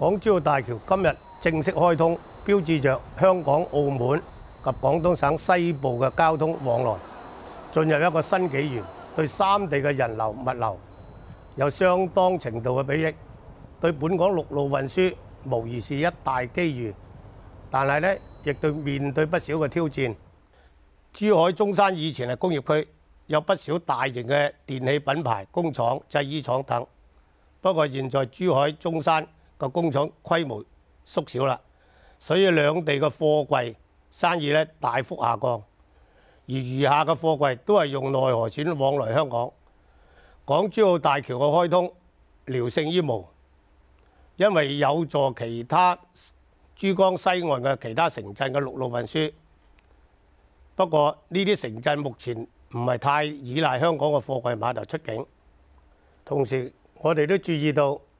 港珠澳大橋今日正式開通，標誌著香港、澳門及廣東省西部嘅交通往來進入一個新紀元，對三地嘅人流物流有相當程度嘅裨益，對本港陸路運輸無疑是一大機遇。但係呢，亦對面對不少嘅挑戰。珠海中山，以前係工業區，有不少大型嘅電器品牌工廠、製衣廠等。不過現在珠海中山個工廠規模縮小啦，所以兩地嘅貨櫃生意咧大幅下降，而餘下嘅貨櫃都係用內河船往來香港。港珠澳大橋嘅開通聊勝於無，因為有助其他珠江西岸嘅其他城鎮嘅陸路運輸。不過呢啲城鎮目前唔係太依賴香港嘅貨櫃碼頭出境。同時，我哋都注意到，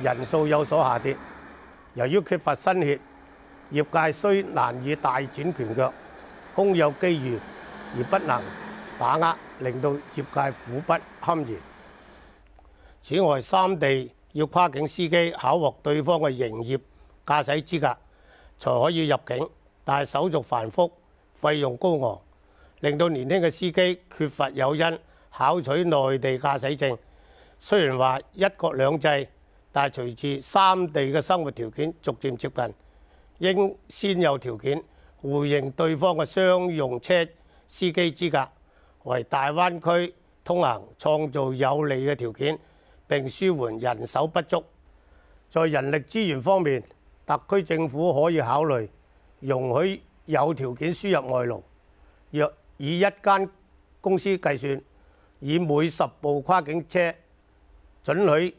人數有所下跌，由於缺乏新血，業界雖難以大展拳腳，空有機遇而不能把握，令到業界苦不堪言。此外，三地要跨境司機考獲對方嘅營業駕駛資格才可以入境，但係手續繁複，費用高昂，令到年輕嘅司機缺乏誘因考取內地駕駛證。雖然話一國兩制。但係隨住三地嘅生活條件逐漸接近，應先有條件互認對方嘅商用車司機資格，為大灣區通行創造有利嘅條件，並舒緩人手不足。在人力資源方面，特區政府可以考慮容許有條件輸入外勞。若以一間公司計算，以每十部跨境車准許。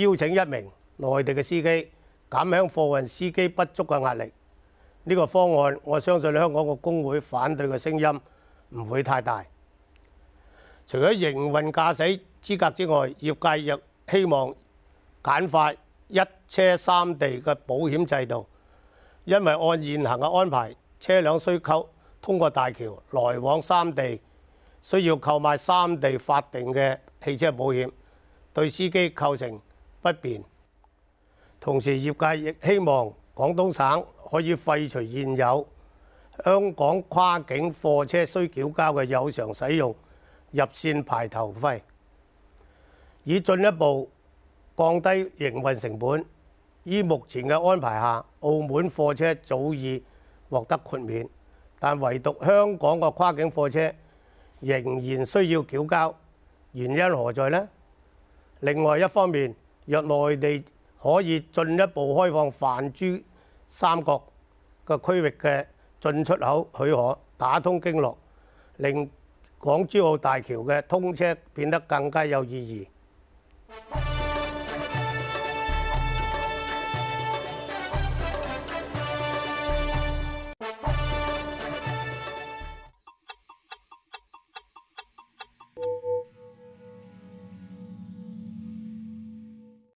邀請一名內地嘅司機，減輕貨運司機不足嘅壓力。呢個方案，我相信香港嘅工會反對嘅聲音唔會太大。除咗營運駕駛資格之外，業界亦希望簡化一車三地嘅保險制度，因為按現行嘅安排，車輛需購通過大橋來往三地，需要購買三地法定嘅汽車保險，對司機構成不變，同時業界亦希望廣東省可以廢除現有香港跨境貨車需繳交嘅有償使用入線排頭費，以進一步降低營運成本。依目前嘅安排下，澳門貨車早已獲得豁免，但唯獨香港嘅跨境貨車仍然需要繳交，原因何在呢？另外一方面，若內地可以進一步開放泛珠三角嘅區域嘅進出口許可，打通經絡，令港珠澳大橋嘅通車變得更加有意義。